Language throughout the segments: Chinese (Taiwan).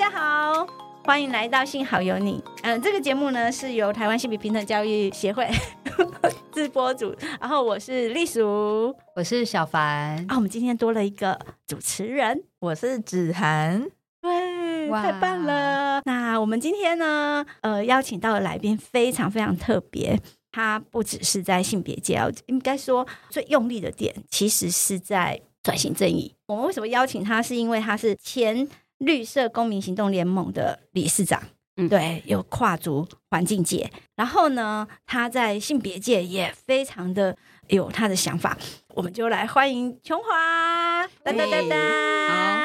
大家好，歡迎來到性好有你。嗯、呃，這個節目呢是由台灣性別平等教育協會自播組，然後我是麗淑，我是小凡啊。我們今天多了一個主持人，我是子涵。對，哇太棒了。那我們今天呢，呃，邀請到的來賓非常非常特別，他不只是在性別界，應該說最用力的點其實是在轉型正義。我們為什麼邀請他？是因為他是前綠色公民行動聯盟的理事長。嗯，對，有跨足環境界，嗯，然後呢，他在性別界也非常的有他的想法，我們就來歡迎瓊華，噔噔噔噔。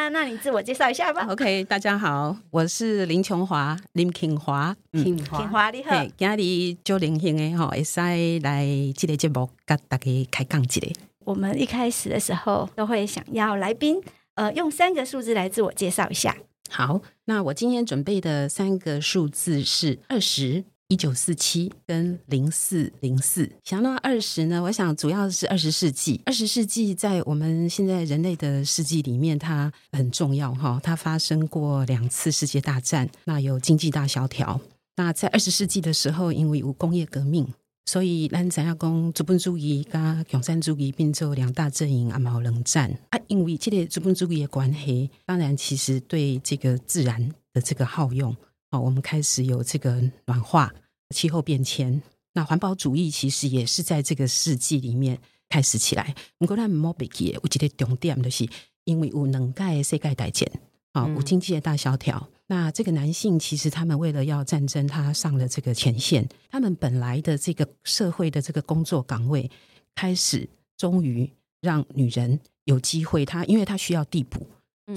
那你自我介紹一下吧。OK，大家好，我是林瓊華，林瓊華，嗯，瓊華，瓊華，你好。Hey, 今日做連線誒，吼，會使來這個節目甲大家開講機咧。我們一開始的時候都會想要來賓，呃，用三個數字來自我介紹一下。好，那我今天準備的三個數字是二十、一九四七跟零四零四。想到二十呢，我想主要是二十世紀。二十世紀在我們現在人類的世紀裡面，它很重要哈。它發生過兩次世界大戰，那有經濟大蕭條。那在二十世紀的時候，因為有工業革命。所以，咱想要講資本主義跟共產主義並做兩大陣營啊，有冷戰啊。因為這個資本主義的關係，當然其實對這個自然的這個耗用啊，我們開始有這個暖化、氣候變遷。那環保主義其實也是在這個世紀裡面開始起來。不過，咱冇筆記，有一個重點就是因為有兩次世界大戰啊，有經濟的大蕭條。那這個男性其實他們為了要戰爭，他上了這個前線，他們本來的這個社會的這個工作崗位開始，終於讓女人有機會。他因為他需要遞補，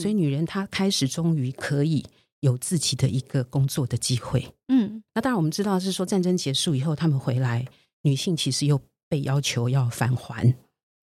所以女人她開始終於可以有自己的一個工作的機會。嗯，那當然我們知道是說戰爭結束以後，他們回來，女性其實又被要求要返還。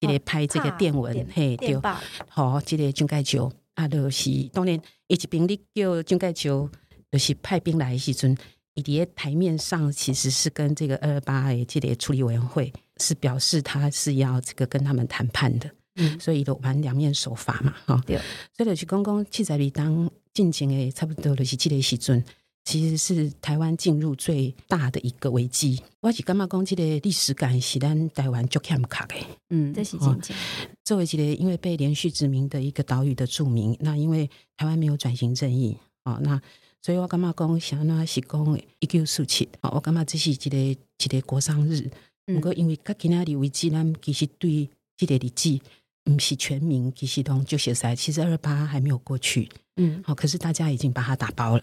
一直拍這個電文、啊，嘿，對，吧？好，這個蔣介石啊，就是當年，一直兵力叫蔣介石，就是派兵來的時陣，伊在台面上其實是跟這個二二八，這個處理委員會是表示他是要這個跟他們談判的，嗯，所以攏玩兩面手法嘛，哈，對，所以就是剛剛七十二當進行的差不多，就是這個時陣。其實是台灣進入最大的一個危機。我是感覺，講這個歷史感，是咱台灣最欠缺的。嗯，這是近平，作為一個因為被連續殖民的一個島嶼的住民，那因為台灣沒有轉型正義啊，那所以我感覺講想要讓他一九四七，啊，我感覺這是一個一個國殤日。如果，嗯、因為剛剛那的危機，那其實對這個日子，不是全民其實都很熟悉。其實二二八還沒有過去，嗯，好，可是大家已經把它打包了。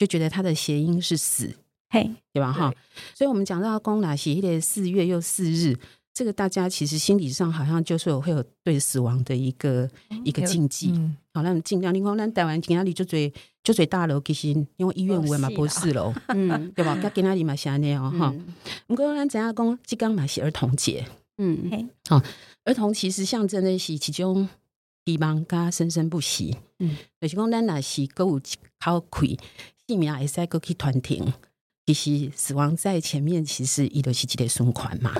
就覺得它的諧音是死，嘿，對吧？哈，所以我們講到公仔係四月又四日，這個大家其實心理上好像就是有會有對死亡的一個一個禁忌。好，那儘量，你看咱台灣金阿力就最就最大樓，其實因為醫院五萬嘛不是樓，對吧？他金阿力嘛下內哦哈，我們公仔怎樣講？即剛嘛是兒童節，嗯，嘿，好，兒童其實象徵的是其中希望跟生生不息。嗯，就是講咱那是購物吃虧。命啊！也是在過去團體，其實死亡在前面，其實伊都是幾滴存款嘛。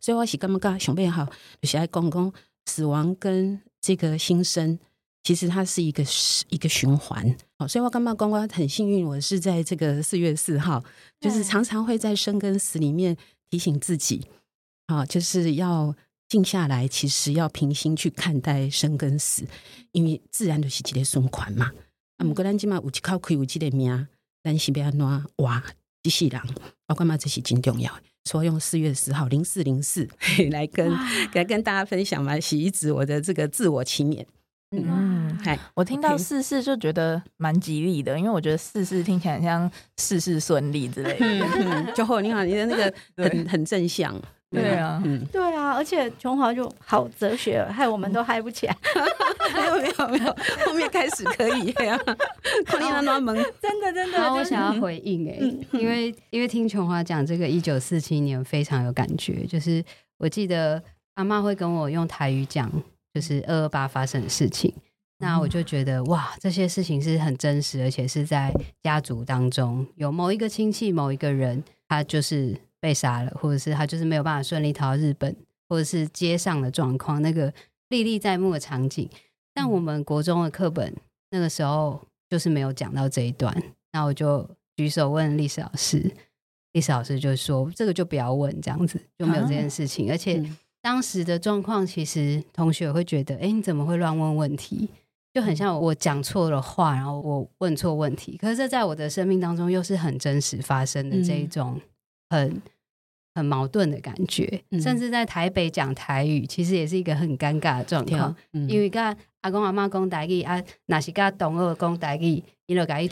所以我是咁樣講，上面好，就是愛講講死亡跟這個新生，其實它是一個一個循環。所以我剛剛剛剛很幸運，我是在這個四月四號，就是常常會在生跟死裡面提醒自己，啊，就是要靜下來，其實要平心去看待生跟死，因為自然都是幾滴存款嘛。啊，我們國咱起碼有幾靠，可以有幾滴名。擔心別安怎哇，機器人，我括嘛這些金重要，所以用四月十號零四零四來跟哇來跟大家分享嘛，洗一次我的這個自我期勉。嗯，我聽到四四就覺得蠻吉利的，因為我覺得四四聽起來像事事順利之類的。 嗯，就後你看，你的那個很 對很正向。對啊，對啊，而且瓊華就好哲學了，害我們都嗨不起來。沒有沒有沒有，後面開始可以呀。歡迎暖萌，真的真的。我想要回應欸，因為因為聽瓊華講這個一九四七年非常有感覺，就是我記得阿嬤會跟我用台語講，就是二二八發生的事情，那我就覺得哇，這些事情是很真實，而且是在家族當中有某一個親戚某一個人，他就是。被殺了，或者是他就是沒有辦法順利逃到日本，或者是街上的狀況，那個歷歷在目的場景，但我們國中的課本那個時候就是沒有講到這一段，那我就舉手問歷史老師，歷史老師就說這個就不要問，這樣子就沒有這件事情，啊嗯、而且當時的狀況其實同學會覺得，哎、欸，你怎麼會亂問問題？就很像我講錯了話，然後我問錯問題，可是這在我的生命當中又是很真實發生的這一種很。很矛盾的感覺，嗯、甚至在台北講台語，其實也是一個很尷尬的狀況。因為跟阿公阿媽講台語啊，那些跟同學講台語，一路改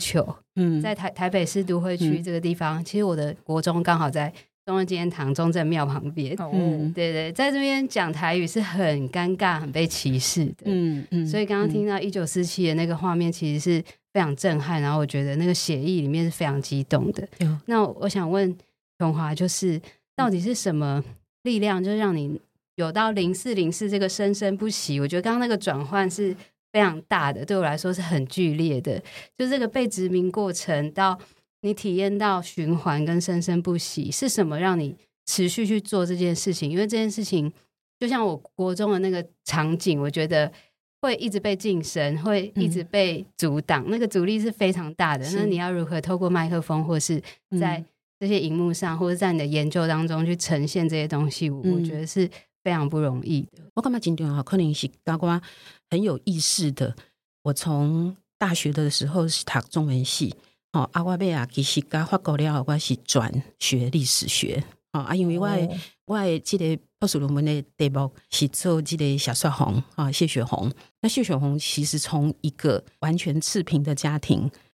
嗯在，在台台北市都會區這個地方，嗯、其實我的國中剛好在中央紀念堂、中正廟旁邊。嗯，對，對對，在這邊講台語是很尷尬、很被歧視的。嗯嗯，嗯，所以剛剛聽到一九四七的那個畫面，其實是非常震撼。然後我覺得那個協議裡面是非常激動的。嗯嗯嗯，那我想問瓊華，就是。到底是什麼力量，就是讓你有到零四零四這個生生不息？我覺得剛剛那個轉換是非常大的，對我來說是很劇烈的。就這個被殖民過程，到你體驗到循環跟生生不息，是什麼讓你持續去做這件事情？因為這件事情，就像我國中的那個場景，我覺得會一直被禁聲，會一直被阻擋，嗯、那個阻力是非常大的。是那你要如何透過麥克風，或是在、嗯，這些熒幕上，或者在你的研究當中去呈現這些東西，我，我覺得是非常不容易的。嗯、我感覺今天啊？可能是阿瓜很有意思的。我從大學的時候是讀中文系，哦，阿我貝啊，其實剛發過了，我是轉學歷史學啊，因為我外、哦、這得碩士論文的題目是做這個謝雪紅啊，謝雪紅。那謝雪紅其實從一個完全赤貧的家庭。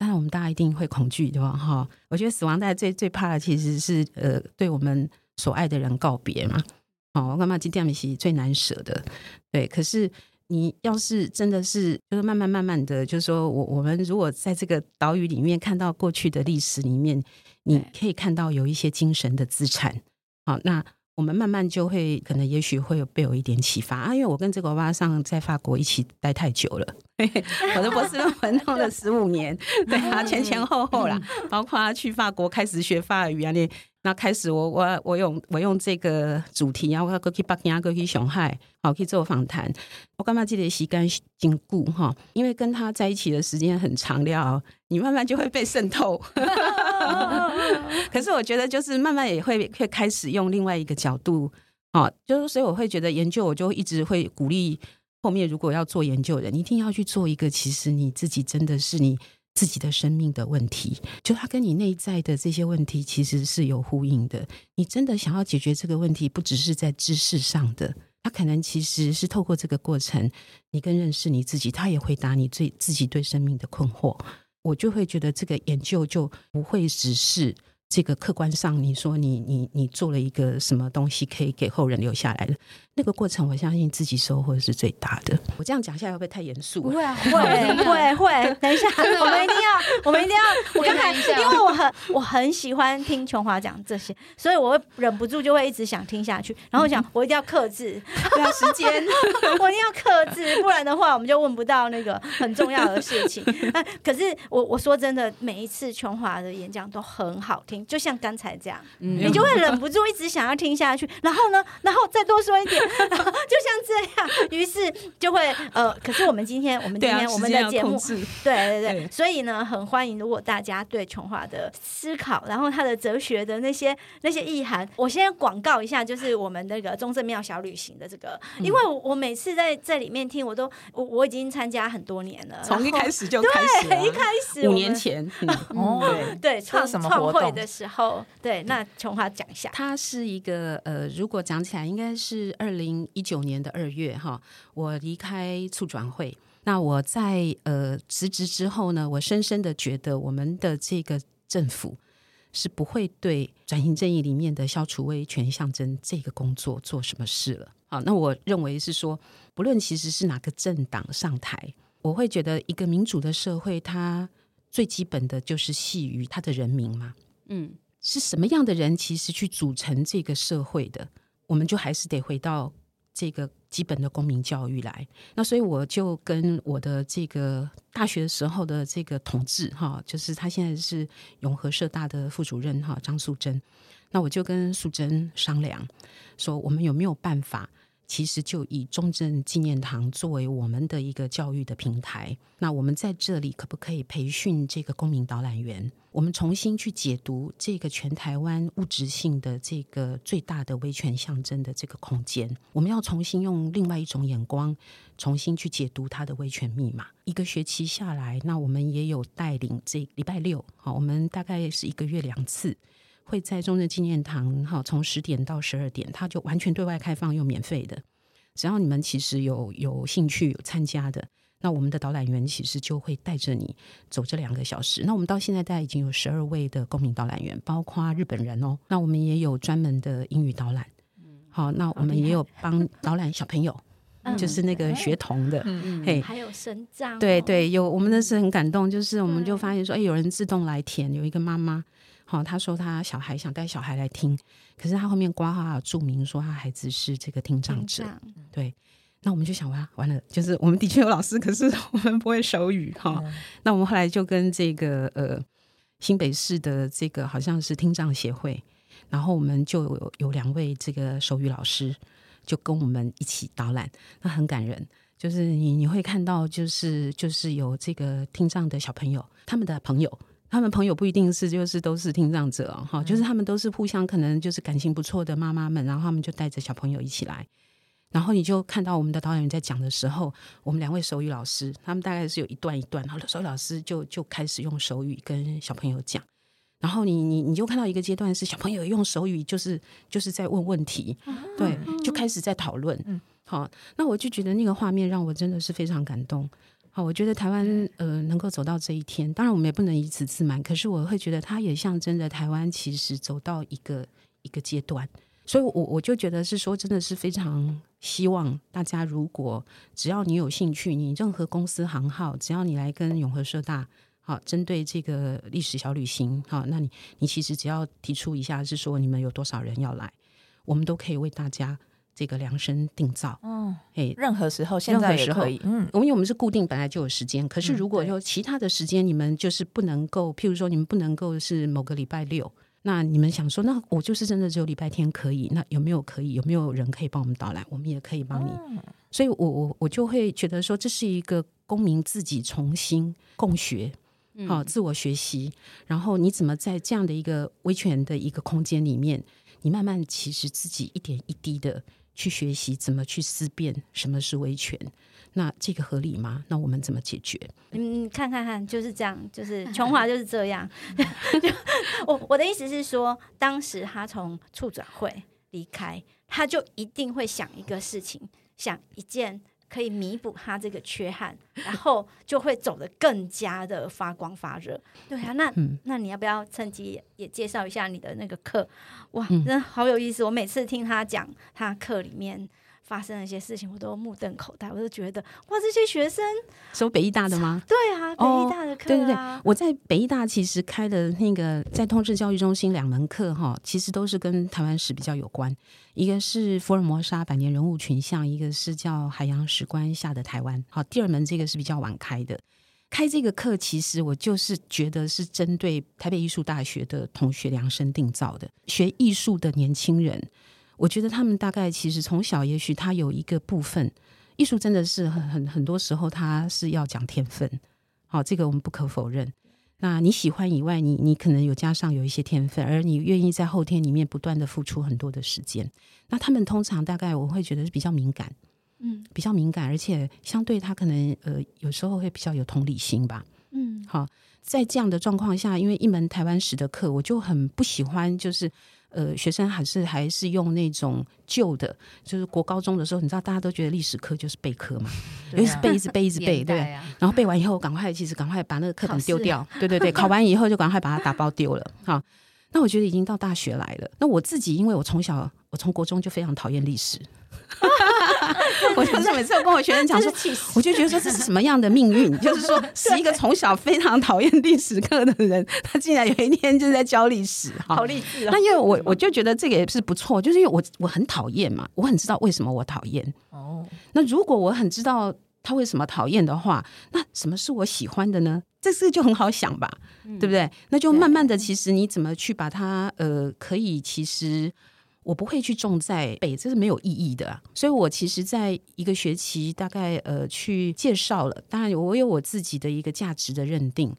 當然，我們大家一定會恐懼對吧？哈，我覺得死亡大家最最怕的其實是呃，對我們所愛的人告別嘛。哦，我剛嘛，今天米其最難捨的，對。可是你要是真的是，就是慢慢慢慢的，就是說我我們如果在這個島嶼裡面看到過去的歷史裡面，對你可以看到有一些精神的資產。好，那。我們慢慢就會可能，也許會有被有一點啟發啊，因為我跟這個娃娃上在法國一起待太久了， 我的博士論文弄了十五年， 對啊，前前後後啦， 包括他去法國開始學法語啊那。那開始我，我我我用我用這個主題，然後我可去北京可去上海好去做訪談。我幹嘛記得洗乾淨骨哈？因為跟他在一起的時間很長了，你慢慢就會被滲透。 可是我覺得，就是慢慢也會會開始用另外一個角度，就是所以我會覺得研究，我就一直會鼓勵後面如果要做研究的人，你一定要去做一個，其實你自己真的是你。自己的生命的問題，就他跟你內在的這些問題其實是有呼應的。你真的想要解決這個問題，不只是在知識上的，他可能其實是透過這個過程，你更認識你自己，他也回答你最自己對生命的困惑。我就會覺得這個研究就不會只是這個客觀上你說你你你做了一個什麼東西可以給後人留下來的。這個過程，我相信自己收穫是最大的。我這樣講下來，會不會太嚴肅、欸？不會、啊，好會，會的，會。等一下，我們一定要，我們一定要，我剛才，因為我很，我很喜歡聽瓊華講這些，所以我會忍不住就會一直想聽下去。然後我想，嗯、哼我一定要克制，不要 時間，我一定要克制，不然的話，我們就問不到那個很重要的事情。那、啊、可是我，我說真的，每一次瓊華的演講都很好聽，就像剛才這樣，嗯、哼你就會忍不住一直想要聽下去。然後呢，然後再多說一點。 就像這樣，於是就會呃，可是我們今天我們今天、啊、我們的節目，對對對，對所以呢，很歡迎如果大家對瓊華的思考，然後他的哲學的那些那些意涵，我先廣告一下，就是我們那個中正廟小旅行的這個，嗯、因為我我每次在這裡面聽，我都我我已經參加很多年了，從一開始就開始對，一開始五年前哦，嗯、對創創會的時候，對，那瓊華講一下，他是一個呃，如果講起來應該是二零。二零一九年的二月，哈，我離開促轉會。那我在呃辭職之後呢，我深深的覺得，我們的這個政府是不會對轉型正義裡面的消除威權象徵這個工作做什麼事了。好，那我認為是說，不論其實是哪個政黨上台，我會覺得一個民主的社會，它最基本的就是繫於它的人民嘛。嗯，是什麼樣的人，其實去組成這個社會的？我們就還是得回到這個基本的公民教育來。那所以我就跟我的這個大學時候的這個同志，哈，就是他現在是永和社大的副主任，哈，張素貞。那我就跟素貞商量，說我們有沒有辦法？其實就以中正紀念堂作為我們的一個教育的平台，那我們在這裡可不可以培訓這個公民導覽員？我們重新去解讀這個全台灣物質性的這個最大的威權象徵的這個空間，我們要重新用另外一種眼光，重新去解讀它的威權密碼。一個學期下來，那我們也有帶領這個禮拜六，好，我們大概是一個月兩次。會在中正紀念堂哈，從十點到十二點，它就完全對外開放又免費的。只要你們其實有有興趣有參加的，那我們的導覽員其實就會帶着你走這兩個小時。那我們到現在大概已經有十二位的公民導覽員，包括日本人哦。那我們也有專門的英語導覽，嗯、好，那我們也有幫導覽小朋友，厲 就是那個學童的，嗯，嗯 hey, 還有生長、哦，對對，有我們那是很感動，就是我們就發現說，對哎，有人自動來填，有一個媽媽。好、哦，他說他小孩想帶小孩來聽，可是他後面括號注明說他孩子是這個聽障者。對，那我們就想哇，完了，就是我們的確有老師，可是我們不會手語哈、哦。那我們後來就跟這個呃新北市的這個好像是聽障協會，然後我們就有有兩位這個手語老師就跟我們一起導覽，那很感人，就是你你會看到就是就是有這個聽障的小朋友，他們的朋友。他們朋友不一定是，就是都是聽障者哈，嗯、就是他們都是互相可能就是感情不錯的媽媽們，然後他們就帶着小朋友一起來，然後你就看到我們的導演在講的時候，我們兩位手語老師，他們大概是有一段一段，然後手語老師就就開始用手語跟小朋友講，然後你你你就看到一個階段是小朋友用手語就是就是在問問題，嗯、對，就開始在討論，嗯、好，那我就覺得那個畫面讓我真的是非常感動。好，我覺得台灣呃能夠走到這一天，當然我們也不能以此自滿。可是我會覺得它也象徵着台灣其實走到一個一個階段，所以我，我我就覺得是說，真的是非常希望大家，如果只要你有興趣，你任何公司行號，只要你來跟永和社大，好，針對這個歷史小旅行，好，那你你其實只要提出一下，是說你們有多少人要來，我們都可以為大家。這個量身定造，嗯，哎，任何時候，現在也可以，任何時候，嗯，我們因為我們是固定，本來就有時間。嗯、可是，如果有其他的時間，你們就是不能夠，嗯、譬如說，你們不能夠是某個禮拜六，那你們想說，那我就是真的只有禮拜天可以。那有沒有可以？有沒有人可以幫我們導覽？我們也可以幫你。嗯、所以我我我就會覺得說，這是一個公民自己重新共學，好、嗯，自我學習。然後你怎麼在這樣的一個威權的一個空間裡面，你慢慢其實自己一點一滴的。去學習怎麼去思辨，什麼是維權？那這個合理嗎？那我們怎麼解決？嗯，看看看，就是這樣，就是瓊華就是這樣。 我我的意思是說，當時他從促轉會離開，他就一定會想一個事情，想一件。可以彌補他這個缺憾，然後就會走得更加的發光發熱。對啊，那那你要不要趁機也介紹一下你的那個課？哇，真的好有意思！我每次聽他講，他課裡面。發生了一些事情，我都目瞪口呆，我就覺得哇，這些學生收北藝大的嗎？對啊，北藝大的課、啊哦，對對對，我在北藝大其實開的那個在通識教育中心兩門課哈，其實都是跟台灣史比較有關，一個是《福爾摩沙百年人物群像》，一個是叫《海洋史觀下的台灣》。好，第二門這個是比較晚開的，開這個課其實我就是覺得是針對台北藝術大學的同學量身定造的，學藝術的年輕人。我覺得他們大概其實從小，也許他有一個部分，藝術真的是很很很多時候他是要講天分，好，這個我們不可否認。那你喜歡以外，你你可能有加上有一些天分，而你願意在後天裡面不斷的付出很多的時間。那他們通常大概我會覺得是比較敏感，嗯，比較敏感，而且相對他可能呃有時候會比較有同理心吧，嗯，好，在這樣的狀況下，因為一門台灣史的課，我就很不喜歡就是。呃，學生還是還是用那種舊的，就是國高中的時候，你知道大家都覺得歷史課就是背課嘛，就、啊、是背一直背，一直背，啊、對，然後背完以後趕快，其實趕快把那個課本丟掉，是對對對， 考完以後就趕快把它打包丟了，哈。那我覺得已經到大學來了。那我自己，因為我從小我從國中就非常討厭歷史，啊、 我就是每次跟我學生講說，我就覺得說這是什麼樣的命運？ 就是說是一個從小非常討厭歷史課的人，他竟然有一天就是在教歷史，教好那因為我我就覺得這個也是不錯，就是因為我我很討厭嘛，我很知道為什麼我討厭。哦，那如果我很知道。他為什麼討厭的話？那什麼是我喜歡的呢？這個就很好想吧，嗯、對不對？那就慢慢的，其實你怎麼去把它呃，可以其實我不會去重在背，這是沒有意義的、啊。所以我其實在一個學期大概呃去介紹了。當然，我有我自己的一個價值的認定，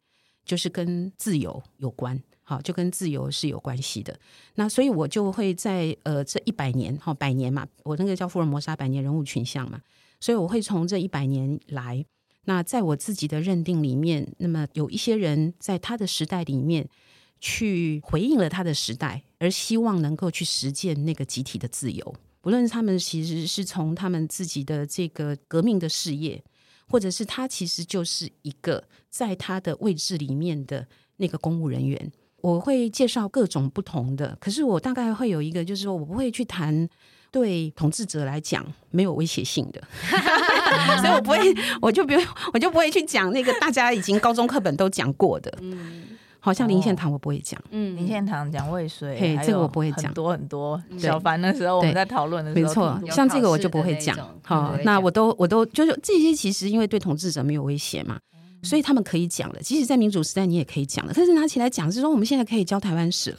就是跟自由有關，好，就跟自由是有關係的。那所以我就會在呃這一百年，好，百年嘛，我那個叫《福爾摩沙，百年人物群像》嘛。所以我會從這一百年來，那在我自己的認定裡面，那麼有一些人在他的時代裡面去回應了他的時代，而希望能夠去實踐那個集體的自由。不論他們其實是從他們自己的這個革命的事業，或者是他其實就是一個在他的位置裡面的那個公務人員，我會介紹各種不同的。可是我大概會有一個，就是說我不會去談。對統治者來講沒有威脅性的， 所以我不會， 我就不用，我就不會去講那個大家已經高中課本都講過的，嗯，好像林獻堂我不會講，嗯，林獻堂講未遂，這個我不會講，很多很多，小凡那時候我們在討論的時候，對沒錯，像這個我就不會講，好，我那我都我都就是這些其實因為對統治者沒有威脅嘛，嗯、所以他們可以講的，即使在民主時代你也可以講的，但是拿起來講是說我們現在可以教台灣史了。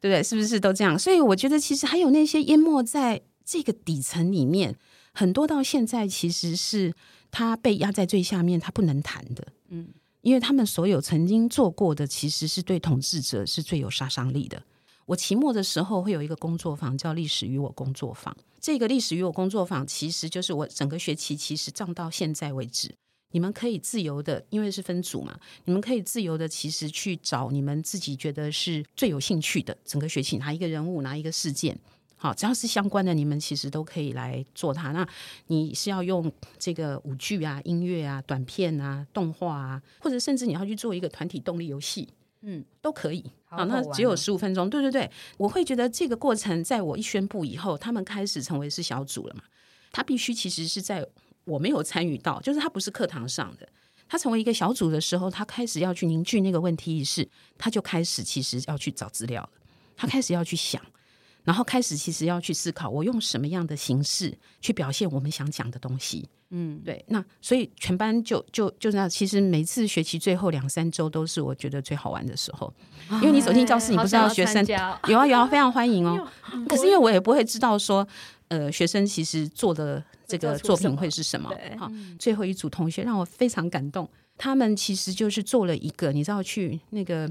對不對？是不是都這樣？所以我覺得，其實還有那些淹沒在這個底層裡面，很多到現在其實是他被壓在最下面，他不能談的。嗯，因為他們所有曾經做過的，其實是對統治者是最有殺傷力的。我期末的時候會有一個工作坊，叫“歷史與我工作坊”。這個“歷史與我工作坊”其實就是我整個學期其實漲到現在為止。你們可以自由的，因為是分組嘛，你們可以自由的，其實去找你們自己覺得是最有興趣的，整個學期拿一個人物，拿一個事件，好，只要是相關的，你們其實都可以來做它。那你是要用這個舞劇啊、音樂啊、短片啊、動畫啊，或者甚至你要去做一個團體動力遊戲，嗯，都可以。好，好，那只有十五分鐘，嗯、對對對，我會覺得這個過程，在我一宣布以後，他們開始成為是小組了嘛，他必須其實是在。我沒有參與到，就是他不是課堂上的。他成為一個小組的時候，他開始要去凝聚那個問題意識，他就開始其實要去找資料了，他開始要去想，然後開始其實要去思考，我用什麼樣的形式去表現我們想講的東西。嗯，對。那所以全班就就就，就那。其實每次學期最後兩三周都是我覺得最好玩的時候，啊、因為你走進教室，你不知道學生、哎、要有啊有啊，非常歡迎哦。可是因為我也不會知道說，呃，學生其實做的。這個作品會是什麼？好，嗯、最後一組同學讓我非常感動。他們其實就是做了一個，你知道，去那個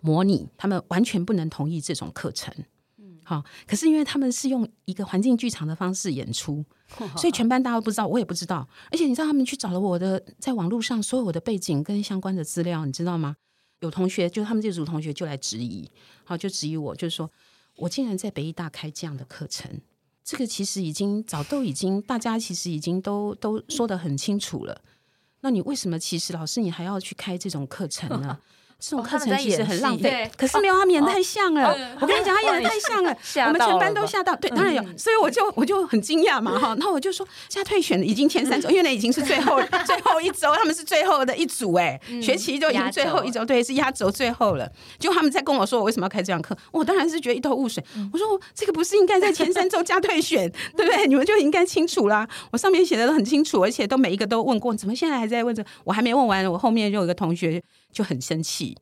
模擬，他們完全不能同意這種課程。嗯，好，可是因為他們是用一個環境劇場的方式演出，嗯、所以全班大家不知道，我也不知道。哦、而且你知道，他們去找了我的在網絡上所有我的背景跟相關的資料，你知道嗎？有同學就他們這組同學就來質疑，好，就質疑我，就是說我竟然在北藝大開這樣的課程。這個其實已經早都已經，大家其實已經都都說得很清楚了。那你為什麼，其實老師你還要去開這種課程呢？這種課程其實很浪費，可是沒有他們演得太像了。我跟你講，他演得太像了，我們全班都嚇到。對，當然有，所以我就我就很驚訝嘛哈。然後我就說加退選已經前三周，因為那已經是最後最後一周，他們是最後的一組哎，學期就已經最後一周，對，是壓軸最後了。結果他們在跟我說，我為什麼要開這樣課？我當然是覺得一頭霧水。我說這個不是應該在前三周加退選，對不對？你們就應該清楚啦。我上面寫的都很清楚，而且都每一個都問過，怎麼現在還在問這？我還沒問完，我後面就有一個同學。就很生氣，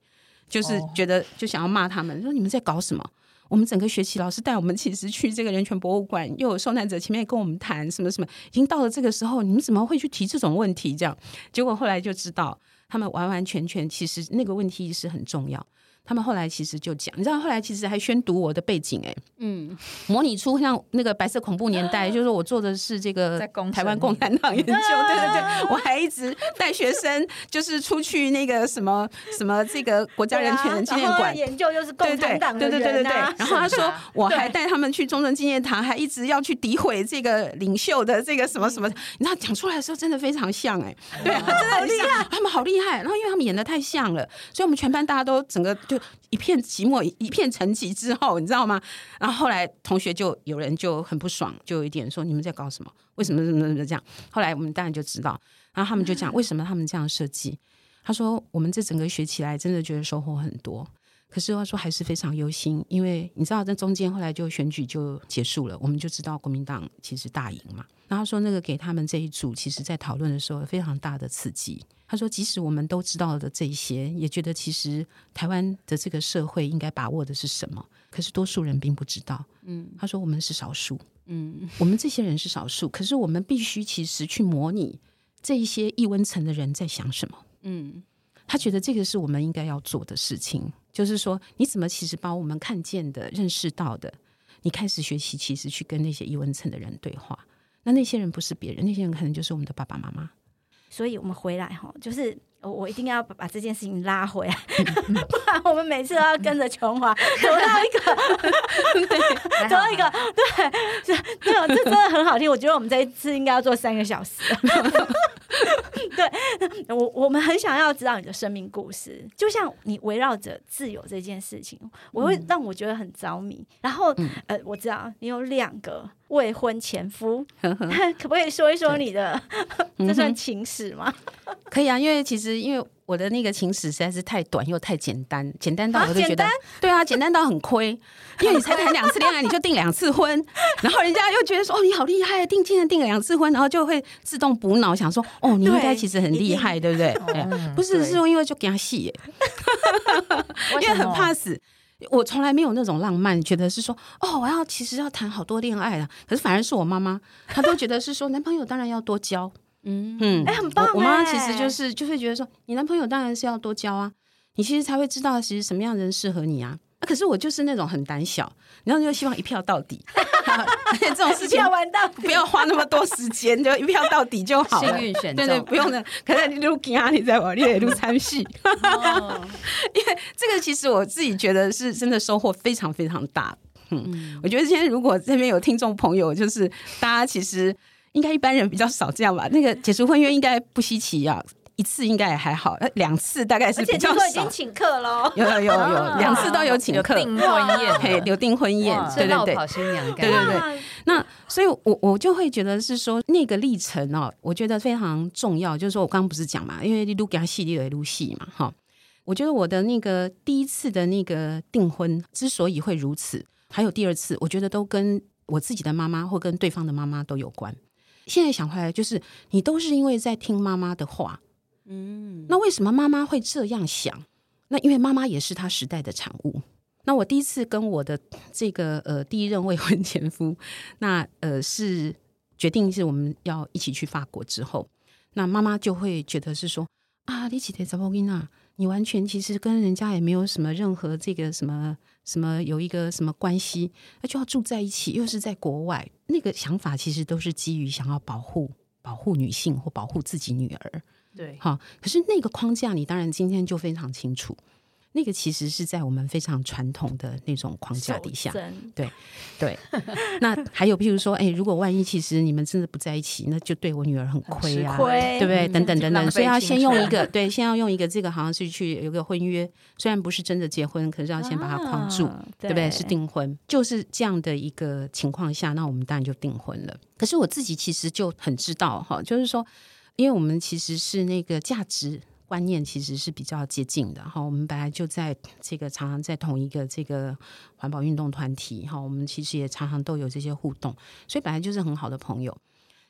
就是覺得就想要罵他們，說你們在搞什麼？我們整個學期老師帶我們，其實去這個人權博物館，又有受難者前面跟我們談什麼什麼，已經到了這個時候，你們怎麼會去提這種問題？這樣，結果後來就知道，他們完完全全其實那個問題意識很重要。他們後來其實就講，你知道，後來其實還宣讀我的背景哎，嗯，模擬出像那個白色恐怖年代，就是我做的是這個台灣共產黨研究，對對對，我還一直帶學生就是出去那個什麼什麼這個國家人權紀念館研究，又是共產黨，對對對對對，然後他說我還帶他們去中正紀念堂，還一直要去詆毀這個領袖的這個什麼什麼，你知道講出來的時候真的非常像哎，對，真的好厲害，他們好厲害，然後因為他們演的太像了，所以我們全班大家都整個。就一片寂寞，一片沉寂之後，你知道嗎？然後後來同學就有人就很不爽，就有一點說你們在搞什麼？為什麼怎麼怎麼這樣？後來我們當然就知道，然後他們就講為什麼他們這樣設計？他說我們這整個學期來真的覺得收穫很多，可是他說還是非常憂心，因為你知道在中間後來就選舉就結束了，我們就知道國民黨其實大贏嘛。然後說那個給他們這一組，其實在討論的時候非常大的刺激。他說，即使我們都知道的這些，也覺得其實台灣的這個社會應該把握的是什麼，可是多數人並不知道。嗯，他說我們是少數，嗯，我們這些人是少數，可是我們必須其實去模擬這一些異溫層的人在想什麼。嗯，他覺得這個是我們應該要做的事情，就是說你怎麼其實把我們看見的、認識到的，你開始學習，其實去跟那些異溫層的人對話。那些人不是別人，那些人可能就是我們的爸爸媽媽。所以我們回來哈，就是我一定要把把這件事情拉回來， 不然我們每次都要跟着瓊華走到一個走到一個，對，對，這真的很好聽。我覺得我們這一次應該要做三個小時。 對，我我們很想要知道你的生命故事，就像你圍繞着自由這件事情，我會讓我覺得很着迷。嗯、然後，嗯、呃，我知道你有兩個未婚前夫，呵呵可不可以說一說你的對這算情史嗎、嗯？可以啊，因為其實因為。我的那個情史實在是太短又太簡單，簡單到我就覺得，對啊，簡單到很虧， 因為你才談兩次戀愛你就訂兩次婚， 然後人家又覺得說哦你好厲害，訂竟然訂，訂了兩次婚，然後就會自動補腦想說哦你應該其實很厲害，對，對，對不對？嗯、不是對是因為就給他戲， 因為很怕死，我從來沒有那種浪漫，覺得是說哦我要其實要談好多戀愛啊，可是反而是我媽媽 她都覺得是說男朋友當然要多交。嗯嗯，哎、欸，很棒耶我！我媽其實就是就會覺得說，你男朋友當然是要多交啊，你其實才會知道其實什麼樣的人適合你啊。那、啊、可是我就是那種很膽小，然後就希望一票到底，而且這種事情要完蛋，不要花那麼多時間，就一票到底就好。 幸運選對,對對，不用的、那個。可是你錄劇啊，你在玩，你也錄參戲， 因為這個其實我自己覺得是真的收穫非常非常大。嗯，嗯我覺得今天如果這邊有聽眾朋友，就是大家其實。應該一般人比較少這樣吧。那個解除婚約應該不稀奇啊，一次應該也還好，兩次大概是。而且都已經請客咯。有有有 兩次都有請客。訂婚， 婚宴，有訂婚宴，對，對對對。對對對。那所以我，我我就會覺得是說那個歷程哦，我覺得非常重要。就是說我剛剛不是講嘛，因為一路給他戲，一路嘛，哈。我覺得我的那個第一次的那個訂婚之所以會如此，還有第二次，我覺得都跟我自己的媽媽或跟對方的媽媽都有關。現在想回來，就是你都是因為在聽媽媽的話，嗯，那為什麼媽媽會這樣想？那因為媽媽也是她時代的產物。那我第一次跟我的這個呃第一任未婚前夫，那呃是決定是我們要一起去法國之後，那媽媽就會覺得是說啊，你去的在麼不啊？你完全其實跟人家也沒有什麼任何這個什麼什麼有一個什麼關係，那就要住在一起，又是在國外，那個想法其實都是基於想要保護保護女性或保護自己女兒，對，好，可是那個框架你當然今天就非常清楚。那個其實是在我們非常傳統的那種框架底下，對真對。對 那還有，譬如說，哎，如果萬一其實你們真的不在一起，那就對我女兒很虧啊，很虧對不對？等等、嗯、等等，嗯、所以要先用一個，對，先要用一個這個，好像是去有個婚約， 雖然不是真的結婚，可是要先把它框住，啊、對不對？是訂婚，對就是這樣的一個情況下，那我們當然就訂婚了。可是我自己其實就很知道哈，就是說，因為我們其實是那個價值。觀念其實是比較接近的，哈，我們本來就在這個常常在同一個這個環保運動團體哈，我們其實也常常都有這些互動，所以本來就是很好的朋友。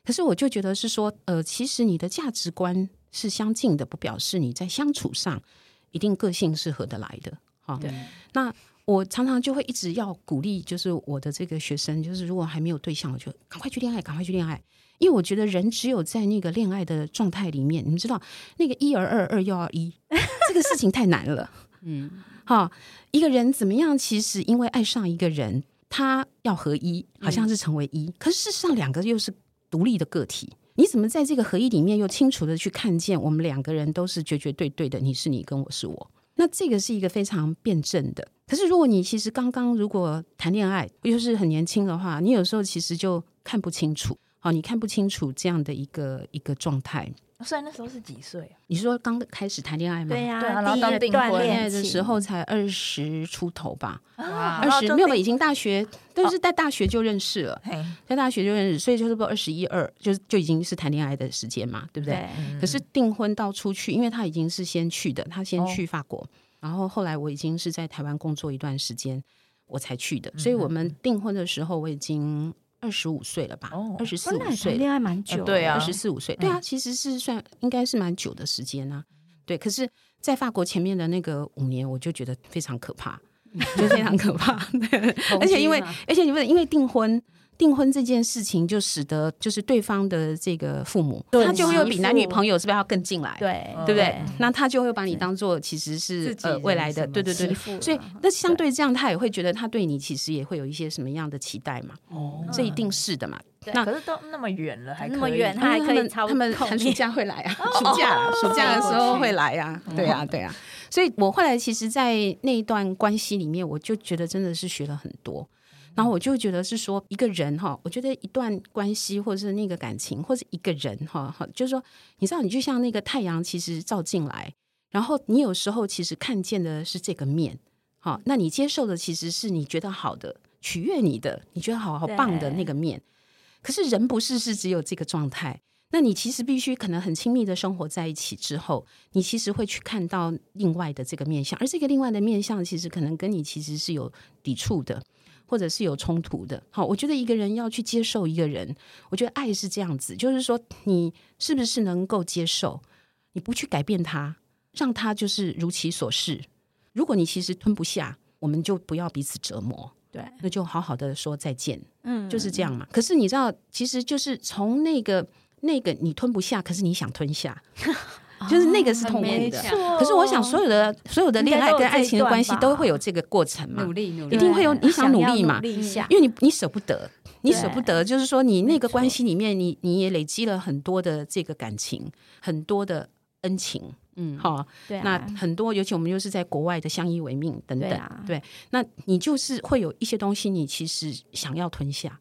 可是我就覺得是說，呃，其實你的價值觀是相近的，不表示你在相處上一定個性是合得來的哈。對。那我常常就會一直要鼓勵，就是我的這個學生，就是如果還沒有對象，我就趕快去戀愛，趕快去戀愛。因為我覺得人只有在那個戀愛的狀態裡面，你們知道那個一而二，二又而一， 這個事情太難了。嗯，哈，一個人怎麼樣？其實因為愛上一個人，他要合一，好像是成為一。嗯、可是事實上，兩個又是獨立的個體。你怎麼在這個合一裡面又清楚地去看見我們兩個人都是絕絕對對的？你是你，跟我是我。那這個是一個非常辯證的。可是如果你其實剛剛如果談戀愛又、就是很年輕的話，你有時候其實就看不清楚。哦，你看不清楚這樣的一個一個狀態。雖然、哦、那時候是幾歲？啊、你是說剛開始談戀愛嗎？對呀？啊，訂訂婚的時候才二十出頭吧？二十、啊、沒有了，已經大學，但、哦、是在大學就認識了，嘿在大學就認識，所以就是不二十一二，就就已經是談戀愛的時間嘛，對不對？對嗯、可是訂婚到出去，因為他已經是先去的，他先去法國，哦、然後後來我已經是在台灣工作一段時間，我才去的，嗯、哼所以我們訂婚的時候我已經。二十五歲了吧，二十四歲，戀愛蠻久的、欸，對啊，二十四五歲，對啊，嗯、其實是算應該是蠻久的時間啊，對，可是，在法國前面的那個五年，我就覺得非常可怕，嗯、就非常可怕， 而且因為，而且你問，因為訂婚。訂婚這件事情就使得就是對方的這個父母，他就會比男女朋友是不是要更進來？對對不對？那他就會把你當做其實是呃未來的對對對，所以那相對這樣，他也會覺得他對你其實也會有一些什麼樣的期待嘛？哦，這一定是的嘛？那可是都那麼遠了，還那麼遠，他還可以他們寒暑假會來啊，暑假暑假的時候會來啊。對啊對啊。所以我後來其實，在那一段關係裡面，我就覺得真的是學了很多。然後我就覺得是說一個人哈，我覺得一段關係或者是那個感情或者是一個人哈，哈，就是說你知道，你就像那個太陽，其實照進來，然後你有時候其實看見的是這個面，哈，那你接受的其實是你覺得好的、取悅你的、你覺得好好棒的那個面。對可是人不是是只有這個狀態，那你其實必須可能很親密的生活在一起之後，你其實會去看到另外的這個面相，而這個另外的面相其實可能跟你其實是有抵觸的，或者是有衝突的，好，我覺得一個人要去接受一個人，我覺得愛是這樣子，就是說你是不是能夠接受，你不去改變他，讓他就是如其所是。如果你其實吞不下，我們就不要彼此折磨，對，那就好好的說再見，嗯對，就是這樣嘛。嗯嗯、可是你知道，其實就是從那個那個你吞不下，可是你想吞下。 就是那個是痛苦的，可是我想所有的所有的戀愛跟愛情的關係都會有這個過程嘛，努力努力，一定會有你想努力嘛，因為你你捨不得，你捨不得，就是說你那個關係裡面，你你也累積了很多的這個感情，很多的恩情，嗯，好，那很多尤其我們就是在國外的相依為命等等，對，那你就是會有一些東西，你其實想要吞下，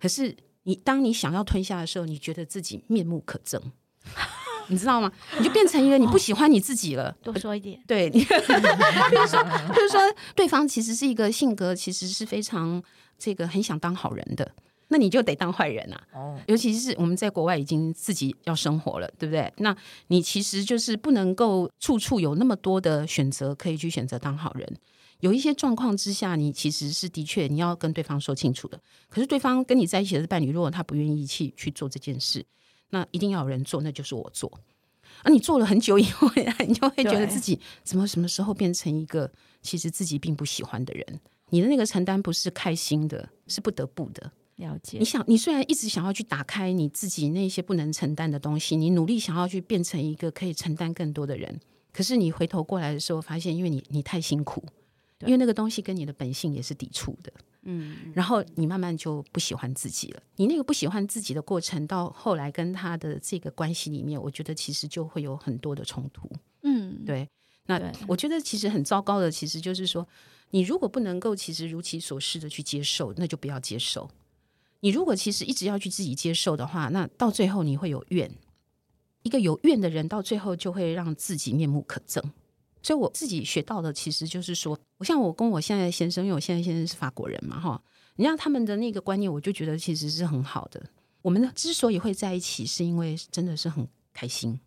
可是你當你想要吞下的時候，你覺得自己面目可憎。 你知道嗎？你就變成一個你不喜歡你自己了。哦、多說一點，對， 就是說，就是說，對方其實是一個性格，其實是非常這個很想當好人的，那你就得當壞人吶。哦，尤其是我們在國外已經自己要生活了，對不對？那你其實就是不能夠處處有那麼多的選擇可以去選擇當好人。有一些狀況之下，你其實是的確你要跟對方說清楚的。可是對方跟你在一起的伴侶，如果他不願意去去做這件事。那一定要有人做，那就是我做。而，啊，你做了很久以後，你就會覺得自己怎麼什麼時候變成一個其實自己並不喜歡的人。你的那個承擔不是開心的，是不得不的。了解？你想，你雖然一直想要去打開你自己那些不能承擔的東西，你努力想要去變成一個可以承擔更多的人，可是你回頭過來的時候，發現因為你你太辛苦，因為那個東西跟你的本性也是抵觸的。嗯，然後你慢慢就不喜歡自己了。你那個不喜歡自己的過程，到後來跟他的這個關係裡面，我覺得其實就會有很多的衝突。嗯，對。那我覺得其實很糟糕的，其實就是說，你如果不能夠其實如其所是的去接受，那就不要接受。你如果其實一直要去自己接受的話，那到最後你會有怨。一個有怨的人，到最後就會讓自己面目可憎。所以我自己學到的其實就是說，我像我跟我現在的先生，因為我現在先生是法國人嘛，哈，你知道他們的那個觀念，我就覺得其實是很好的。我們之所以會在一起，是因為真的是很開心，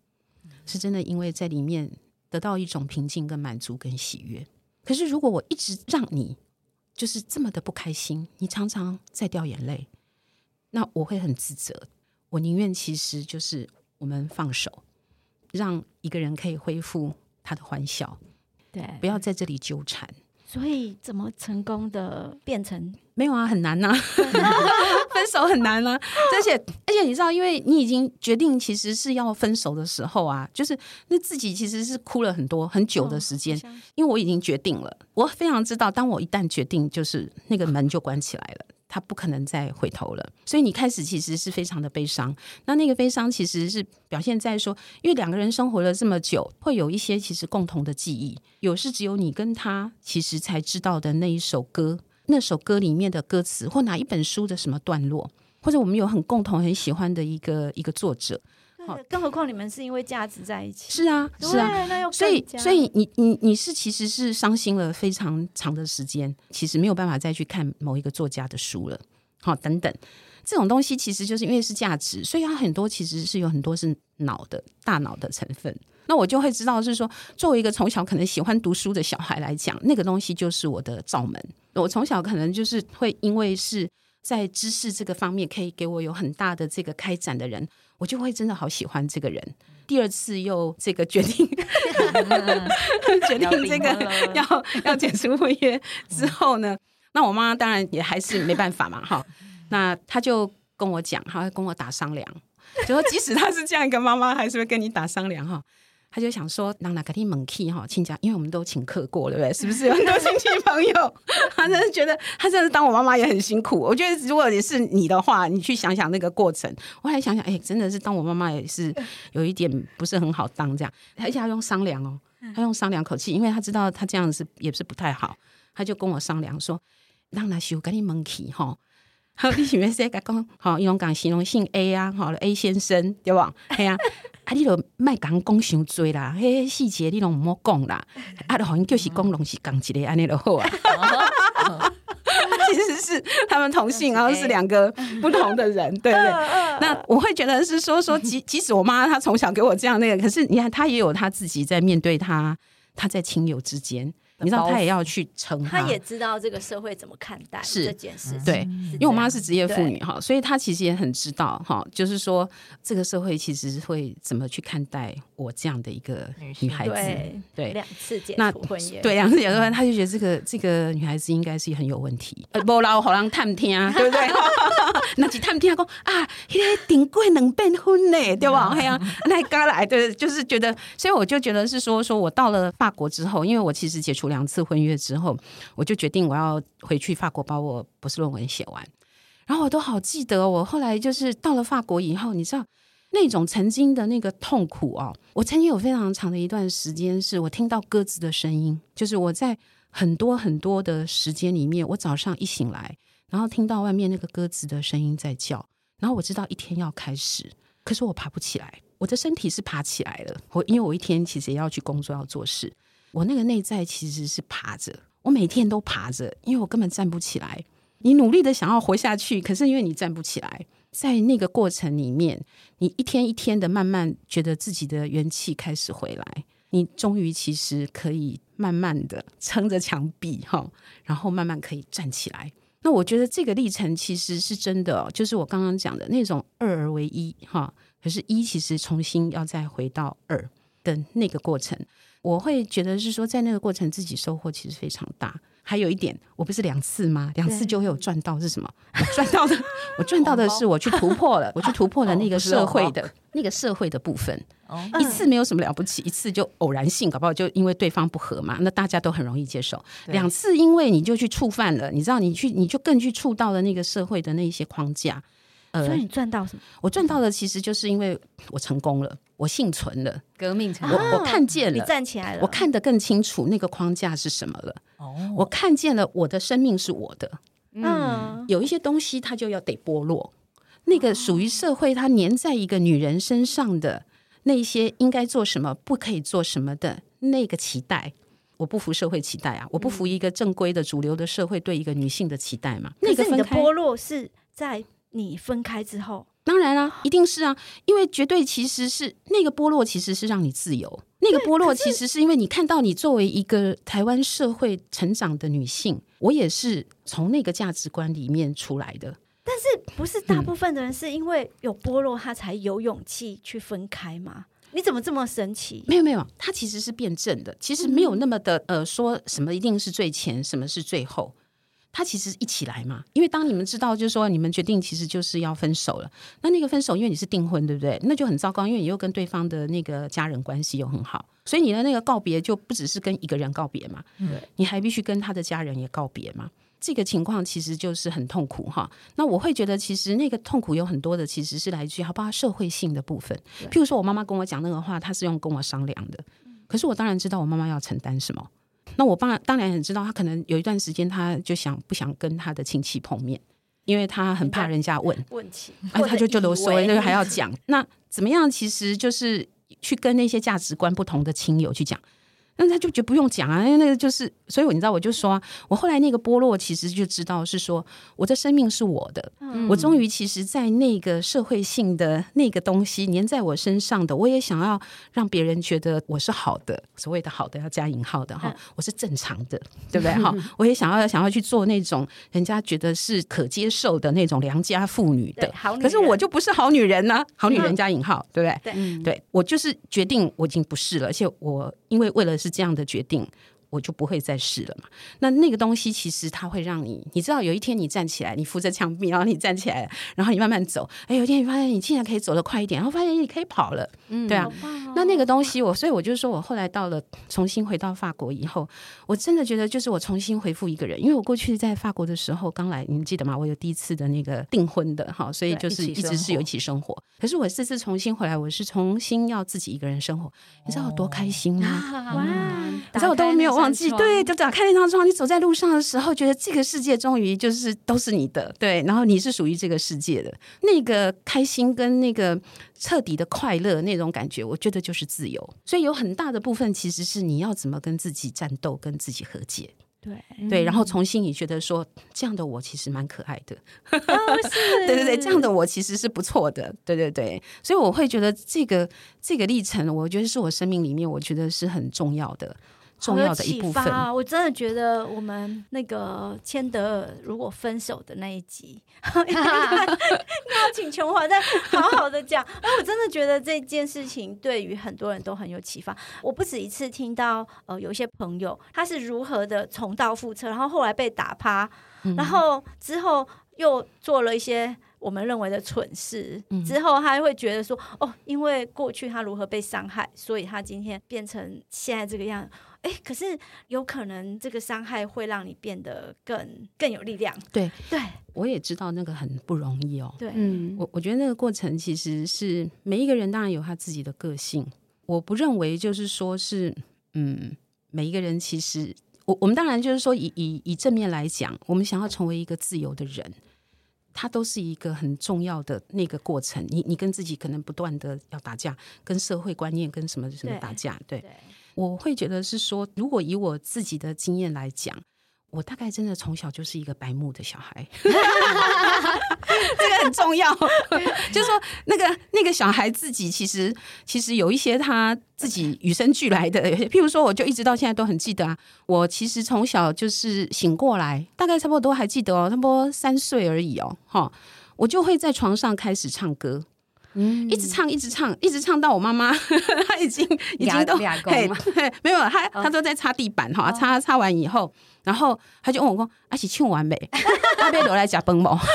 是真的因為在裡面得到一種平靜、跟滿足、跟喜悅。可是如果我一直讓你就是這麼的不開心，你常常在掉眼淚，那我會很自責。我寧願其實就是我們放手，讓一個人可以恢復。他的歡笑，對，不要在這裡糾纏。所以怎麼成功的變成沒有啊？很難吶、啊， 分手很難吶、啊。而且而且你知道，因為你已經決定，其實是要分手的時候啊，就是那自己其實是哭了很多很久的時間。哦、因為我已經決定了，我非常知道，當我一旦決定，就是那個門就關起來了。他不可能再回頭了，所以你開始其實是非常的悲傷。那那個悲傷其實是表現在說，因為兩個人生活了這麼久，會有一些其實共同的記憶，有時只有你跟他其實才知道的那一首歌，那首歌裡面的歌詞，或哪一本書的什麼段落，或者我們有很共同很喜歡的一個一個作者。更何況你們是因為價值在一起。是啊，是啊，那又啊，所以所以你你你是其實是傷心了非常長的時間，其實沒有辦法再去看某一個作家的書了。好、哦，等等這種東西其實就是因為是價值，所以它很多其實是有很多是腦的、大腦的成分。那我就會知道是說，作為一個從小可能喜歡讀書的小孩來講，那個東西就是我的罩門。我從小可能就是會因為是。在知識這個方面，可以給我有很大的這個開展的人，我就會真的好喜歡這個人。第二次又這個決定 決定這個要 要解除婚約之後呢，那我媽當然也還是沒辦法嘛，哈， 那他就跟我講，他會跟我打商量，就說即使他是這樣一個媽媽，媽媽還是會跟你打商量，哈。他就想說，讓他趕緊 monkey 哈，親家，因為我們都請客過了，對不對？是不是有很多親戚朋友？他真的覺得，他真是當我媽媽也很辛苦。我覺得如果也是你的話，你去想想那個過程。我還想想，哎、欸，真的是當我媽媽也是有一點不是很好當這樣，而且還用商量哦、喔，他用商量口氣，因為他知道他這樣子也是不太好，他就跟我商量說，讓、喔、他修趕緊 monkey 哈。還有你們誰敢講？好，玉龍港形容姓 A 啊。好、喔、，A 了先生對不？哎呀、啊。啊！你都賣講講傷追啦，嘿細節你都唔好講啦，啊！好像就是講攏是講一個安尼咯，哦哦、 其實是他們同姓，就是、然後是兩個不同的人，哎、對不對，對？那我會覺得是說說即，即即使我媽她從小給我這樣那個，可是你看她也有她自己在面對她，她在親友之間。你知道他也要去稱，他也知道這個社會怎麼看待這件事情，對，因為我媽是職業婦女哈，所以她其實也很知道哈，就是說這個社會其實會怎麼去看待我這樣的一個女孩子，對，兩次解除那次婚約，對，兩次解除婚約，他就覺得這個這個女孩子應該是很有問題，呃，不無我好讓探聽，啊，對不對？那是探聽，聽說啊，迄個訂過兩遍婚呢，對吧？哎呀，那剛來對，就是覺得，所以我就覺得是說，說我到了法國之後，因為我其實解除。兩次婚約之後，我就決定我要回去法國把我博士論文寫完。然後我都好記得，我後來就是到了法國以後，你知道那種曾經的那個痛苦啊、哦！我曾經有非常長的一段時間，是我聽到鴿子的聲音，就是我在很多很多的時間裡面，我早上一醒來，然後聽到外面那個鴿子的聲音在叫，然後我知道一天要開始，可是我爬不起來。我的身體是爬起來了，我因為我一天其實也要去工作，要做事。我那個內在其實是爬着，我每天都爬着，因為我根本站不起來。你努力的想要活下去，可是因為你站不起來，在那個過程裡面，你一天一天的慢慢覺得自己的元氣開始回來，你終於其實可以慢慢的撐着牆壁哈，然後慢慢可以站起來。那我覺得這個歷程其實是真的，就是我剛剛講的那種二而為一哈，可是一其實重新要再回到二的那個過程。我會覺得是說，在那個過程自己收穫其實非常大。還有一點，我不是兩次嗎？兩次就會有賺到是什麼？對我賺到的，我賺到的是我去突破了， 我去突破了那個社會的、 啊哦、那個社會的部分。哦、一次沒有什麼了不起，一次就偶然性，搞不好就因為對方不合嘛，那大家都很容易接受。對兩次，因為你就去觸犯了，你知道，你去你就更去觸到了那個社會的那一些框架。所以你賺到什麼？我賺到的其實就是因為我成功了，我幸存了，革命成功。我我看見了、哦，你站起來了，我看得更清楚那個框架是什麼了。哦，我看見了我的生命是我的。嗯，有一些東西它就要得剝落，嗯、那個屬於社會，它粘在一個女人身上的那些應該做什麼、不可以做什麼的那個期待，我不服社會期待啊！嗯、我不服一個正規的主流的社會對一個女性的期待嘛？那個你的剝落是在。你分開之後，當然啦、啊，一定是啊，因為絕對其實是那個剝落，其實是讓你自由。對那個剝落，其實是因為你看到你作為一個台灣社會成長的女性，我也是從那個價值觀裡面出來的。但是，不是大部分的人是因為有剝落，他才有勇氣去分開嗎？嗯、你怎麼這麼神奇？沒有，沒有、啊，他其實是辯證的，其實沒有那麼的呃，嗯、說什麼一定是最前，什麼是最後。他其實一起來嘛，因為當你們知道，就是說你們決定其實就是要分手了，那那個分手，因為你是訂婚，對不對？那就很糟糕，因為你又跟對方的那個家人關係又很好，所以你的那個告別就不只是跟一個人告別嘛，對你還必須跟他的家人也告別嘛。這個情況其實就是很痛苦哈。那我會覺得，其實那個痛苦有很多的，其實是來自於他包括社會性的部分。對譬如說我媽媽跟我講那個話，她是用跟我商量的，可是我當然知道我媽媽要承擔什麼。那我爸當然也知道，他可能有一段時間，他就想不想跟他的親戚碰面，因為他很怕人家問人家問題，而且、啊、他就覺得所就囉嗦，就還要講。那怎麼樣？其實就是去跟那些價值觀不同的親友去講。那他就覺得不用講啊，因為那個就是，所以我你知道，我就說、啊、我後來那個剝落，其實就知道是說我的生命是我的。嗯、我終於其實，在那個社會性的那個東西粘在我身上的，我也想要讓別人覺得我是好的，所謂的好的要加引號的哈，嗯、我是正常的，對不對哈？嗯、我也想要想要去做那種人家覺得是可接受的那種良家婦女的，好女可是我就不是好女人呢、啊，好女人加引號，對不對？嗯、對我就是決定我已經不是了，而且我。因為為了是這樣的決定。我就不會再試了嘛。那那個東西其實它會讓你，你知道，有一天你站起來，你扶着牆壁，然後你站起來，然後你慢慢走。哎，有一天你發現你竟然可以走得快一點，然後發現你可以跑了。嗯，對啊。哦、那那個東西我，我所以我就說我後來到了，重新回到法國以後，我真的覺得就是我重新回復一個人，因為我過去在法國的時候剛來，你們記得嗎？我有第一次的那個訂婚的，哈，所以就是一直是有一起生活。生活可是我這次重新回來，我是重新要自己一個人生活，你知道我多開心嗎？哦啊、哇，這、嗯、你知道我都沒有忘。對，就打開那張窗，你走在路上的時候，覺得這個世界終於就是都是你的，對，然後你是屬於這個世界的。那個開心跟那個徹底的快樂那種感覺，我覺得就是自由。所以有很大的部分其實是你要怎麼跟自己戰鬥，跟自己和解。對對，然後從心裡覺得說，這樣的我其實蠻可愛的， 對對對，這樣的我其實是不錯的，對對對。所以我會覺得這個這個歷程，我覺得是我生命裡面我覺得是很重要的。重要的啟發啊！我真的覺得我們那個千德如果分手的那一集，我 請瓊華再好好的講。哎， 我真的覺得這件事情對於很多人都很有啟發。我不止一次聽到，呃，有一些朋友他是如何的重蹈覆轍，然後後來被打趴，嗯、然後之後又做了一些我們認為的蠢事，嗯、之後他還會覺得說，哦，因為過去他如何被傷害，所以他今天變成現在這個樣子。誒，可是有可能這個傷害會讓你變得更更有力量。對對，對，我也知道那個很不容易哦。對，嗯，我我覺得那個過程其實是每一個人，當然有他自己的個性。我不認為就是說是，嗯，每一個人其實，我我們當然就是說以以以正面來講，我們想要成為一個自由的人，他都是一個很重要的那個過程。你你跟自己可能不斷的要打架，跟社會觀念跟什麼什麼打架，對。對我會覺得是說，如果以我自己的經驗來講，我大概真的從小就是一個白目的小孩， 這個很重要。 就是說那個那個小孩自己，其實其實有一些他自己與生俱來的，譬如說，我就一直到現在都很記得啊，我其實從小就是醒過來，大概差不多還記得哦，差不多三歲而已哦，哈、哦，我就會在床上開始唱歌。嗯、一直唱，一直唱，一直唱到我媽媽， 她已經已經都嘿，嘿，沒有，她她都在擦地板哈，哦、擦擦完以後，然後她就問我說：“阿喜唱完沒？”她被留來夾繃毛， 好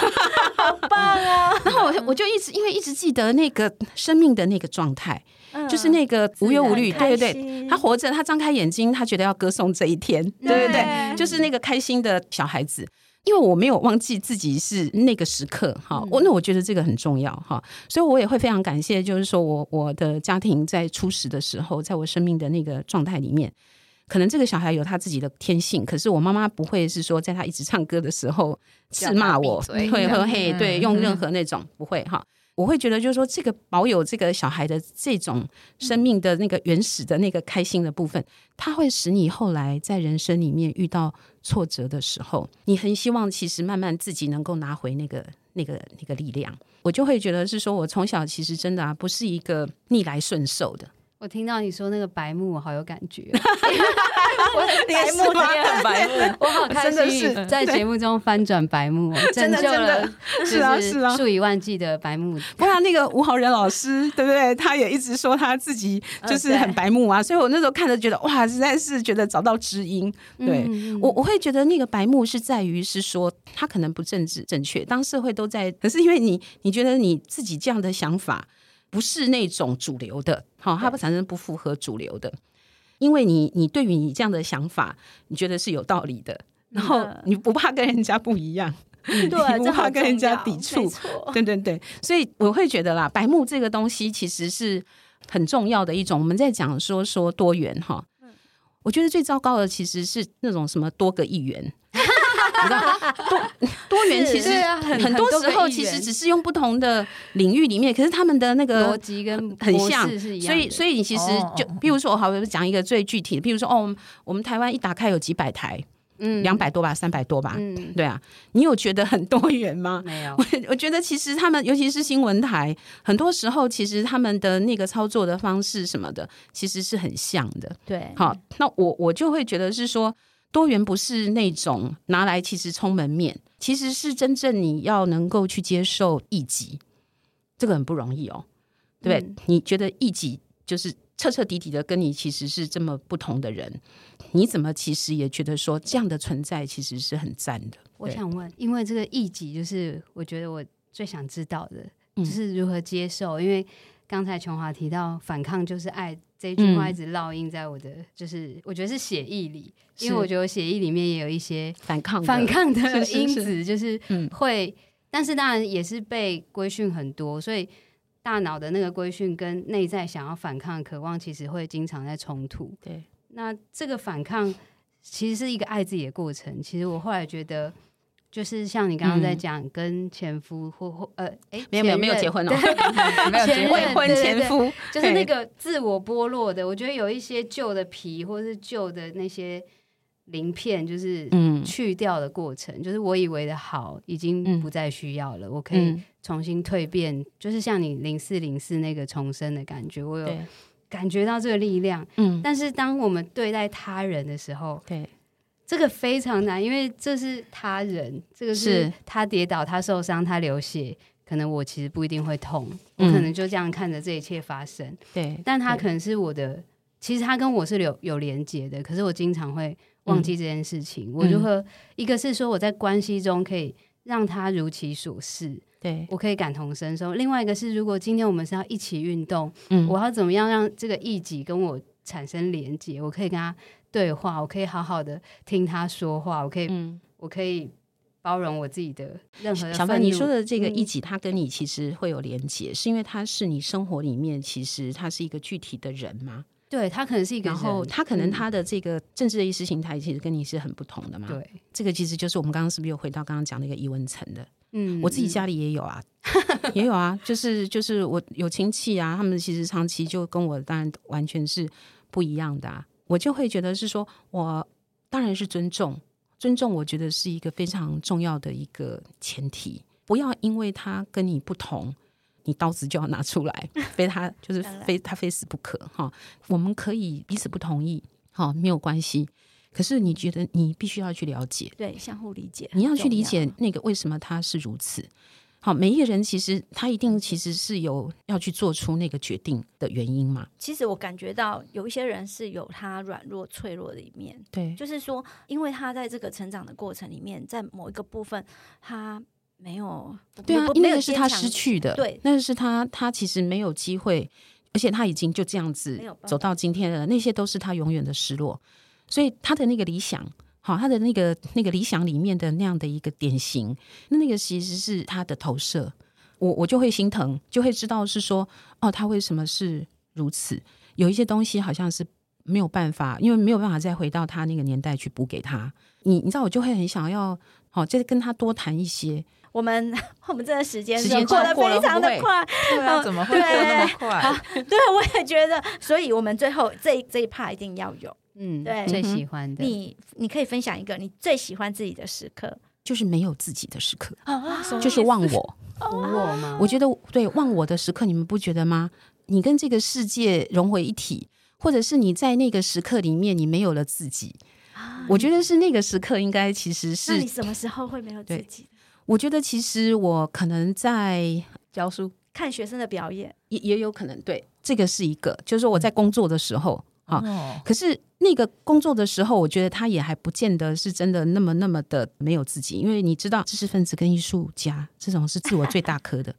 棒啊！ 然後我我就一直因為一直記得那個生命的那個狀態，嗯、就是那個無憂無慮，嗯、對對對，她活着，她張開眼睛，她覺得要歌頌這一天，對對對，對啊、就是那個開心的小孩子。因為我沒有忘記自己是那個時刻，哈、嗯，我那我覺得這個很重要，哈，所以我也會非常感謝，就是說我我的家庭在初十的時候，在我生命的那個狀態裡面，可能這個小孩有他自己的天性，可是我媽媽不會是說在他一直唱歌的時候斥罵我，會和、嗯、對用任何那種、嗯、不會哈。我會覺得，就是說，這個保有這個小孩的這種生命的那個原始的那個開心的部分，它會使你後來在人生裡面遇到挫折的時候，你很希望其實慢慢自己能夠拿回那個、那個、那個力量。我就會覺得是說，我從小其實真的啊，不是一個逆來順受的。我聽到你說那個白目，我好有感覺， 我白目今天很白目，白目， 我好開心的是在節目中翻轉白目 真的，真的，是，的 是啊，是啊，數以萬計的白目。不然那個吳豪仁老師，對不對？他也一直說他自己就是很白目啊，Okay. 所以我那時候看着覺得，哇，實在是覺得找到知音。對、嗯、我，我會覺得那個白目是在於是說他可能不政治正確，當社會都在，可是因為你，你覺得你自己這樣的想法不是那種主流的。好、哦，它不產生不符合主流的，對因為你，你對於你這樣的想法，你覺得是有道理的，嗯啊、然後你不怕跟人家不一樣，嗯對啊、 你不怕跟人家抵觸，對對對，所以我會覺得啦，白目這個東西其實是很重要的一種，我們在講說說多元哈，哦嗯、我覺得最糟糕的其實是那種什麼多個一元。多 多元其實很多時候其實只是用不同的領域裡面，可是他們的那個邏輯跟很像，所以所以你其實就比如說，我好講一個最具體的，比如說哦，我們台灣一打開有幾百台，嗯，兩百多吧，三百多吧，嗯，對啊，你有覺得很多元嗎？沒有，我 我覺得其實他們尤其是新聞台，很多時候其實他們的那個操作的方式什麼的，其實是很像的。對，好，那我我就會覺得是說。多元不是那種拿來其實充門面，其實是真正你要能夠去接受異己，這個很不容易哦。對不對？嗯，你覺得異己就是徹徹底底的跟你其實是這麼不同的人，你怎麼其實也覺得說這樣的存在其實是很讚的？我想問，因為這個異己就是我覺得我最想知道的，嗯，就是如何接受。因為剛才瓊華提到反抗就是愛。這句話一直烙印在我的，嗯、就是我覺得是血液裡，是因為我覺得血液裡面也有一些反抗，是是是是反抗的因子，就是會，是是是嗯、但是當然也是被規訓很多，所以大腦的那個規訓跟內在想要反抗、渴望，其實會經常在衝突。對，那這個反抗其實是一個愛自己的過程。其實我後來覺得。就是像你剛剛在講，跟前夫或或呃，哎，沒有沒有沒有結婚哦，沒有結未婚前夫，就是那個自我剝落的，我覺得有一些舊的皮或者是舊的那些鱗片，就是嗯去掉的過程，就是我以為的好已經不再需要了，我可以重新蛻變，就是像你零四零四那個重生的感覺，我有感覺到這個力量，嗯，但是當我們對待他人的時候，對。這個非常難，因為這是他人，這個是他跌倒，他受傷，他流血，可能我其實不一定會痛，嗯、我可能就這樣看着這一切發生。對，但他可能是我的，對其實他跟我是有有連接的，可是我經常會忘記這件事情。嗯、我如何？嗯、一個是說我在關係中可以讓他如其所是，對我可以感同身受；另外一個，是如果今天我們是要一起運動，嗯，我要怎麼樣讓這個異己跟我？產生連接，我可以跟他對話，我可以好好的聽他說話，我可以，嗯、我可以包容我自己的任何的。小曼，你說的這個一級，嗯、他跟你其實會有連接，是因為他是你生活裡面，其實他是一個具體的人嗎？對，他可能是一個人，然後他可能他的這個政治的意識形態其實跟你是很不同的嘛、嗯。對，這個其實就是我們剛剛是不是又回到剛剛講的一個伊文層的？嗯，我自己家裡也有啊， 也有啊，就是就是我有親戚啊，他們其實長期就跟我，當然完全是不一樣的啊。我就會覺得是說，我當然是尊重，尊重我覺得是一個非常重要的一個前提。不要因為他跟你不同，你刀子就要拿出來， 非他就是非他非死不可哈、哦。我們可以彼此不同意哈、哦，沒有關係。可是你覺得你必須要去了解，對，相互理解，你要去理解那個為什麼他是如此好。每一個人其實他一定其實是有要去做出那個決定的原因嘛。其實我感覺到有一些人是有他軟弱脆弱的一面，對，就是說，因為他在這個成長的過程裡面，在某一個部分他沒有，對啊，因為那個是他失去的，對，那個是他他其實沒有機會，而且他已經就這樣子走到今天了，那些都是他永遠的失落。所以他的那個理想，好，他的那個那個理想裡面的那樣的一個典型，那那個其實是他的投射。我我就會心疼，就會知道是說，哦，他為什麼是如此？有一些東西好像是沒有辦法，因為沒有辦法再回到他那個年代去補給他。你你知道，我就會很想要，好、哦，再跟他多談一些。我們我們這段時間時間過得非常的快，對啊，怎麼會過這麼快、嗯對好？對，我也覺得，所以我們最後這這一趴一定要有。嗯，對，最喜歡的你，你可以分享一個你最喜歡自己的時刻，就是沒有自己的時刻，啊、就是忘我。忘我嗎？我覺得對忘我的時刻，你們不覺得嗎？你跟這個世界融為一體，或者是你在那個時刻裡面，你沒有了自己。啊、我覺得是那個時刻應該其實是。那你什麼時候會沒有自己的？我覺得其實我可能在教書、看學生的表演，也也有可能。對，這個是一個，就是我在工作的時候。嗯可是那個工作的時候，我覺得他也還不見得是真的那麼那麼的沒有自己，因為你知道，知識分子跟藝術家這種是自我最大顆的。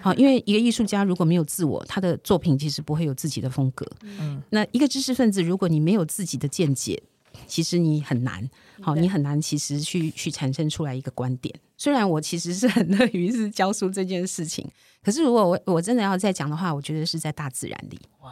好， 因為一個藝術家如果沒有自我，他的作品其實不會有自己的風格。嗯， 那一個知識分子，如果你沒有自己的見解。其實你很難，好對，你很難，其實去去產生出來一個觀點。雖然我其實是很樂於是教書這件事情，可是如果我我真的要再講的話，我覺得是在大自然裡。哇，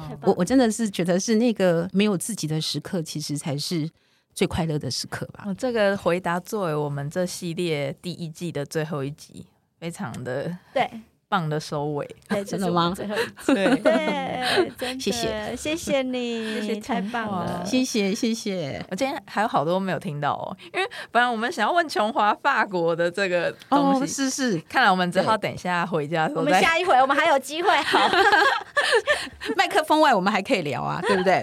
我太棒了，我真的是覺得是那個沒有自己的時刻，其實才是最快樂的時刻吧。這個回答作為我們這系列第一季的最後一集，非常的對。棒的收尾，真的嗎？對對，真的，謝謝，謝謝你，你太棒了，謝謝，謝謝你太棒了，謝謝，謝謝。我今天還有好多沒有聽到哦，因為本來我們想要問瓊華法國的這個東西，是是，看來我們只好等一下回家。我們下一回，我們還有機會。好，麥克風外，我們還可以聊啊，對不對？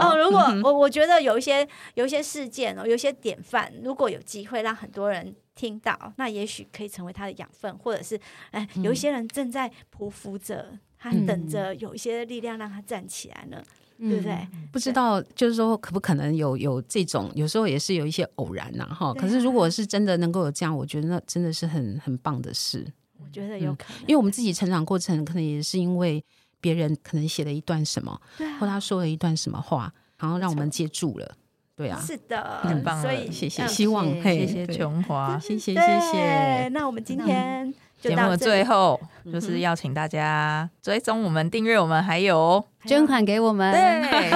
哦，如果我我覺得有一些有一些事件哦，有一些典範，如果有機會讓很多人。聽到，那也許可以成為他的養分，或者是哎，有一些人正在匍匐着，他等着有一些力量讓他站起來呢，嗯、對不對？不知道就是說，可不可能有有這種？有時候也是有一些偶然吶、啊、哈、啊。可是如果是真的能夠有這樣，我覺得那真的是很很棒的事。我覺得有可能、嗯，因為我們自己成長過程，可能也是因為別人可能寫了一段什麼，對啊、或他說了一段什麼話，然後讓我們接住了。對啊，是的，很棒，所以謝謝，希望謝謝瓊華，謝謝謝謝。那我們今天節目的最後，就是要請大家追蹤我們、訂閱我們，還有捐款給我們，對，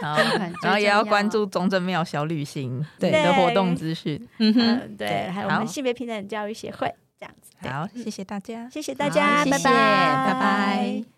然後也要關注中正廟小旅行對的活動資訊，嗯哼，對，還有我們性別平等教育協會這樣子。好，謝謝大家，謝謝大家，拜拜，拜拜。